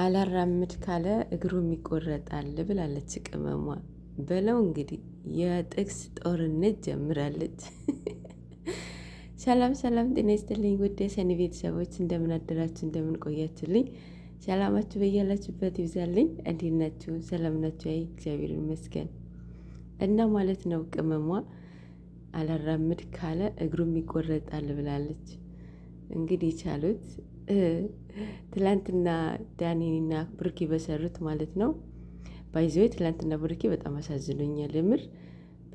አላራምድ ካለ እግሩም ይቆረጣል ብላለች ቅመሟ። በለው እንግዲህ የጥቅስ ጦርነት ጀምራለች። ሰላም ሰላም፣ ጤና ይስጥልኝ ውድ የሰኒ ቤተሰቦች እንደምን አደራችሁ፣ እንደምን ቆያችሁልኝ? ሰላማችሁ በያላችሁበት ይብዛልኝ። እንዴት ናችሁ? ሰላም ናችሁ? አይ እግዚአብሔር ይመስገን። እና ማለት ነው ቅመሟ አላራምድ ካለ እግሩም ይቆረጣል ብላለች። እንግዲህ ቻሉት ትላንትና ዳኒና ብሩኬ በሰሩት ማለት ነው። ባይዘው ትላንትና ብሩኬ በጣም አሳዝኖኛል፣ እምር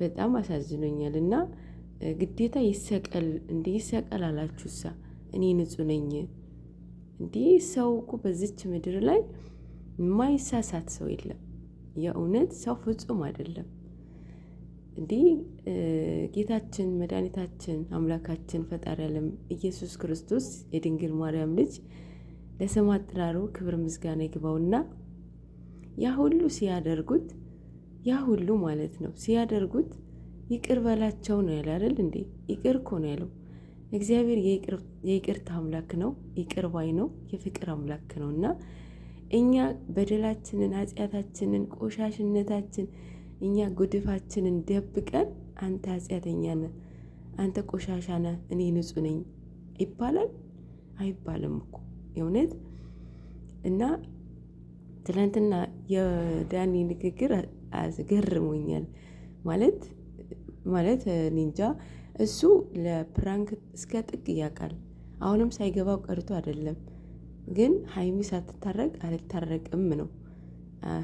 በጣም አሳዝኖኛል። እና ግዴታ ይሰቀል እንዲ ይሰቀል አላችሁ ሳ እኔ ንጹሕ ነኝ እንዴ? ሰው እኮ በዚች ምድር ላይ የማይሳሳት ሰው የለም። የእውነት ሰው ፍጹም አይደለም። እንዲህ ጌታችን መድኃኒታችን አምላካችን ፈጣሪ ዓለም ኢየሱስ ክርስቶስ የድንግል ማርያም ልጅ ለስም አጠራሩ ክብር ምስጋና ይግባውና ያ ሁሉ ሲያደርጉት ያ ሁሉ ማለት ነው ሲያደርጉት ይቅር በላቸው ነው ያለ አይደል እንዴ? ይቅር እኮ ነው ያለው። እግዚአብሔር የይቅርታ አምላክ ነው፣ ይቅር ባይ ነው፣ የፍቅር አምላክ ነው እና እኛ በደላችንን ኃጢአታችንን ቆሻሽነታችን እኛ ጉድፋችንን ደብቀን አንተ ኃጢአተኛ ነህ፣ አንተ ቆሻሻ ነህ፣ እኔ ንጹህ ነኝ ይባላል አይባልም እኮ የእውነት እና ትናንትና የዳኒ ንግግር አስገርሞኛል። ማለት ማለት ኒንጃ እሱ ለፕራንክ እስከ ጥግ ያውቃል። አሁንም ሳይገባው ቀርቶ አይደለም፣ ግን ሀይሚ ሳትታረቅ አልታረቅም ነው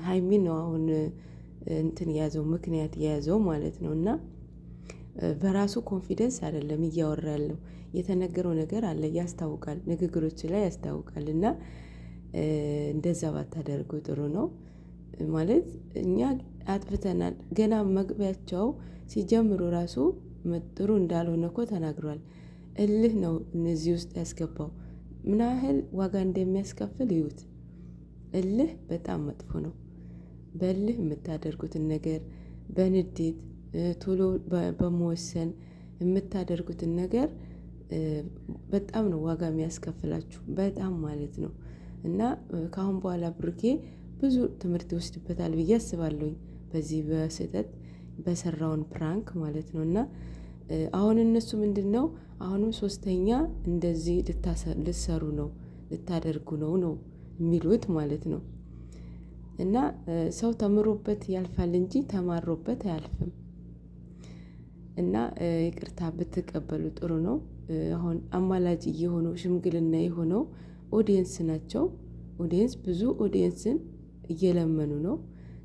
ሀይሚ ነው አሁን እንትን የያዘው ምክንያት የያዘው ማለት ነው። እና በራሱ ኮንፊደንስ አይደለም እያወራ ያለው የተነገረው ነገር አለ ያስታውቃል፣ ንግግሮች ላይ ያስታውቃል። እና እንደዛ ባታደርጉ ጥሩ ነው። ማለት እኛ አጥፍተናል። ገና መግቢያቸው ሲጀምሩ ራሱ ጥሩ እንዳልሆነ እኮ ተናግሯል። እልህ ነው እነዚህ ውስጥ ያስገባው። ምን ያህል ዋጋ እንደሚያስከፍል ይዩት። እልህ በጣም መጥፎ ነው። በልህ የምታደርጉትን ነገር በንዴት ቶሎ በመወሰን የምታደርጉትን ነገር በጣም ነው ዋጋ የሚያስከፍላችሁ በጣም ማለት ነው። እና ከአሁን በኋላ ብሩኬ ብዙ ትምህርት ይወስድበታል ብዬ አስባለሁኝ በዚህ በስህተት በሰራውን ፕራንክ ማለት ነው። እና አሁን እነሱ ምንድን ነው አሁንም ሶስተኛ እንደዚህ ልትሰሩ ነው ልታደርጉ ነው ነው የሚሉት ማለት ነው እና ሰው ተምሮበት ያልፋል እንጂ ተማሮበት አያልፍም። እና ይቅርታ ብትቀበሉ ጥሩ ነው። አሁን አማላጅ የሆነው ሽምግልና የሆነው ኦዲየንስ ናቸው። ኦዲየንስ ብዙ ኦዲየንስን እየለመኑ ነው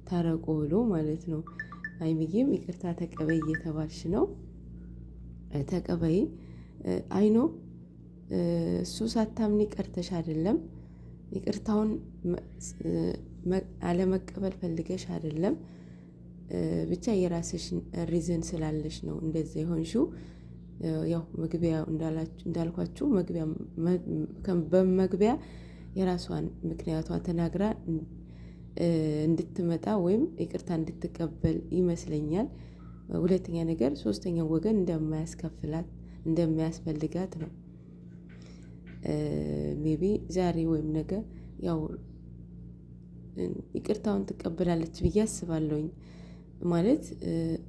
ታረቁ ብሎ ማለት ነው። ሀይሚዬም ይቅርታ ተቀበይ እየተባልሽ ነው። ተቀበይ አይኖ እሱ ሳታምኒ ቀርተሽ አይደለም ይቅርታውን አለመቀበል ፈልገሽ አይደለም፣ ብቻ የራስሽ ሪዝን ስላለሽ ነው እንደዚ የሆንሽው። ያው መግቢያ እንዳልኳችሁ በመግቢያ የራሷን ምክንያቷ ተናግራ እንድትመጣ ወይም ይቅርታ እንድትቀበል ይመስለኛል። ሁለተኛ ነገር ሶስተኛው ወገን እንደማያስከፍላት እንደሚያስፈልጋት ነው ሜቢ ዛሬ ወይም ነገ ያው ይቅርታውን ትቀበላለች ብዬ አስባለሁኝ። ማለት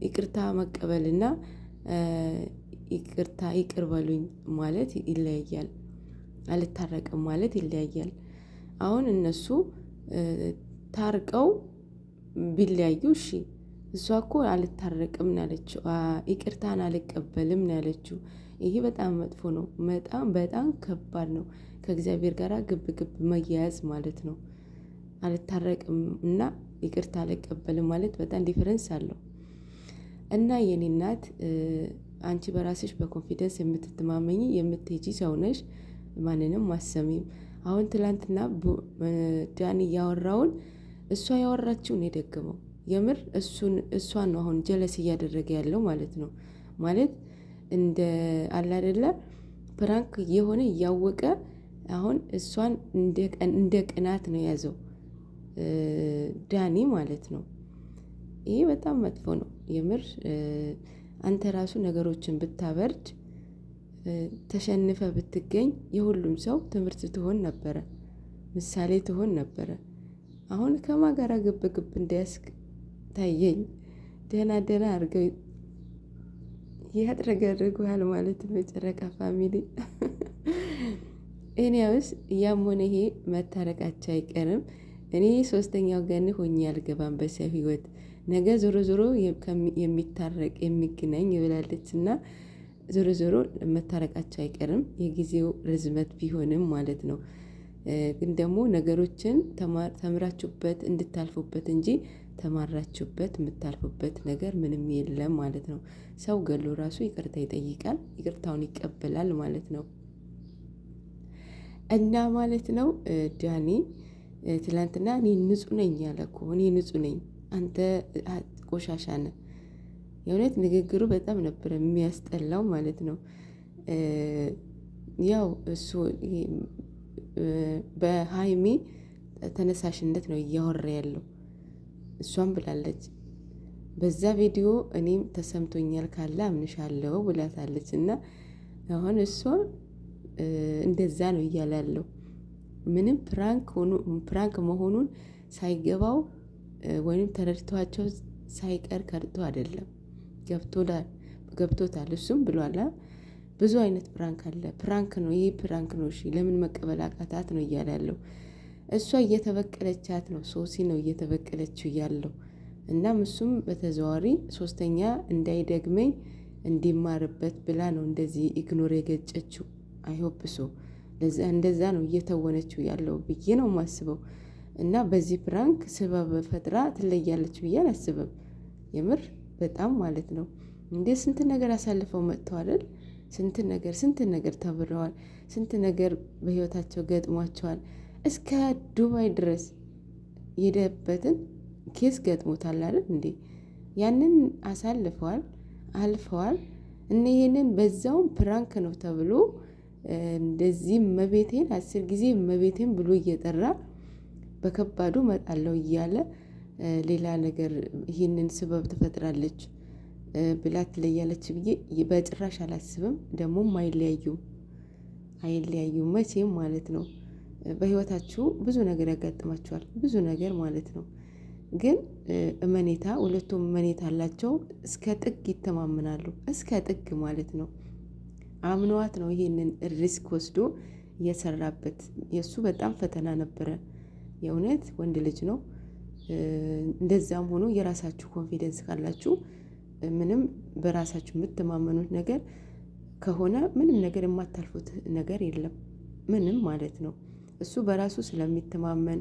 ይቅርታ መቀበልና ይቅርታ ይቅር በሉኝ ማለት ይለያያል። አልታረቅም ማለት ይለያያል። አሁን እነሱ ታርቀው ቢለያዩ እሺ እሷ እኮ አልታረቅም ነው ያለችው ይቅርታን አልቀበልም ነው ያለችው። ይሄ በጣም መጥፎ ነው። በጣም በጣም ከባድ ነው። ከእግዚአብሔር ጋር ግብ ግብ መያያዝ ማለት ነው አልታረቅም እና ይቅርታ አልቀበልም ማለት በጣም ዲፈረንስ አለው እና የኔ እናት አንቺ በራስሽ በኮንፊደንስ የምትተማመኝ የምትሄጂ ሰው ነሽ። ማንንም ማሰሚም አሁን ትላንትና ዳኒ ያወራውን እሷ ያወራችውን የደገመው የምር እሱን እሷን ነው አሁን ጀለስ እያደረገ ያለው ማለት ነው። ማለት እንደ አላደለ ፕራንክ የሆነ እያወቀ አሁን እሷን እንደ ቅናት ነው የያዘው። ዳኒ ማለት ነው። ይሄ በጣም መጥፎ ነው የምር አንተ ራሱ ነገሮችን ብታበርድ ተሸንፈ ብትገኝ የሁሉም ሰው ትምህርት ትሆን ነበረ፣ ምሳሌ ትሆን ነበረ። አሁን ከማጋራ ግብ ግብ እንዲያስክ ታየኝ። ደህና ደህና አድርገው ያጥረገርጉሃል ማለት መጨረቃ ፋሚሊ እኔ ያውስ ያም ሆነ ይሄ መታረቃቸው አይቀርም። እኔ ሶስተኛ ወገን ሆኜ አልገባም በሰው ህይወት። ነገ ዞሮ ዞሮ የሚታረቅ የሚገናኝ ይብላለች እና ዞሮ ዞሮ መታረቃቸው አይቀርም የጊዜው ርዝመት ቢሆንም ማለት ነው። ግን ደግሞ ነገሮችን ተምራችሁበት እንድታልፉበት እንጂ ተማራችሁበት የምታልፉበት ነገር ምንም የለም ማለት ነው። ሰው ገሎ ራሱ ይቅርታ ይጠይቃል ይቅርታውን ይቀበላል ማለት ነው። እና ማለት ነው ዳኒ ትላንትና እኔ ንጹህ ነኝ ያለ እኮ እኔ ንጹህ ነኝ፣ አንተ ቆሻሻ ነ። የእውነት ንግግሩ በጣም ነበር የሚያስጠላው ማለት ነው። ያው እሱ በሀይሚ ተነሳሽነት ነው እያወራ ያለው እሷም ብላለች። በዛ ቪዲዮ እኔም ተሰምቶኛል ካለ አምንሻለሁ ብላታለች። እና አሁን እሷ እንደዛ ነው እያላለው ምንም ፕራንክ መሆኑን ሳይገባው ወይም ተረድተዋቸው ሳይቀር ከርቶ አይደለም፣ ገብቶታል። እሱም ብሏላ ብዙ አይነት ፕራንክ አለ። ፕራንክ ነው ይህ ፕራንክ ነው እሺ፣ ለምን መቀበል አቃታት ነው እያለ ያለው። እሷ እየተበቀለቻት ነው፣ ሶሲ ነው እየተበቀለችው ያለው። እናም እሱም በተዘዋዋሪ ሶስተኛ እንዳይደግመኝ እንዲማርበት ብላ ነው እንደዚህ ኢግኖር የገጨችው። ሶ እንደዛ ነው እየተወነችው ያለው ብዬ ነው ማስበው። እና በዚህ ፕራንክ ስበብ ፈጥራ ትለያለች ብዬ አላስብም። የምር በጣም ማለት ነው እንዴ ስንት ነገር አሳልፈው መጥተዋል። ስንት ነገር ስንት ነገር ተብረዋል። ስንት ነገር በህይወታቸው ገጥሟቸዋል። እስከ ዱባይ ድረስ የሄደበትን ኬስ ገጥሞታል አይደል እንዴ? ያንን አሳልፈዋል አልፈዋል። እነ ይሄንን በዛውም ፕራንክ ነው ተብሎ እንደዚህ እመቤቴን አስር ጊዜ እመቤቴን ብሎ እየጠራ በከባዱ መጣለው እያለ ሌላ ነገር ይህንን ስበብ ትፈጥራለች ብላ ትለያለች ብዬ በጭራሽ አላስብም። ደግሞም አይለያዩም አይለያዩም መቼም ማለት ነው። በህይወታችሁ ብዙ ነገር ያጋጥማችኋል፣ ብዙ ነገር ማለት ነው። ግን እመኔታ ሁለቱም እመኔታ አላቸው። እስከ ጥግ ይተማመናሉ፣ እስከ ጥግ ማለት ነው። አምኗት ነው ይሄንን ሪስክ ወስዶ የሰራበት። የእሱ በጣም ፈተና ነበረ። የእውነት ወንድ ልጅ ነው። እንደዛም ሆኖ የራሳችሁ ኮንፊደንስ ካላችሁ ምንም በራሳችሁ የምትማመኑት ነገር ከሆነ ምንም ነገር የማታልፉት ነገር የለም። ምንም ማለት ነው። እሱ በራሱ ስለሚተማመን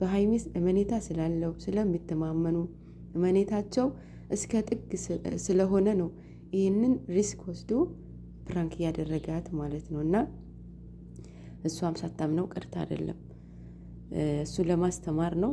በሀይሚ እመኔታ ስላለው ስለሚተማመኑ እመኔታቸው እስከ ጥግ ስለሆነ ነው ይህንን ሪስክ ወስዶ ፕራንክ እያደረጋት ማለት ነው። እና እሷም ሳታምነው ቀርታ አይደለም እሱ ለማስተማር ነው።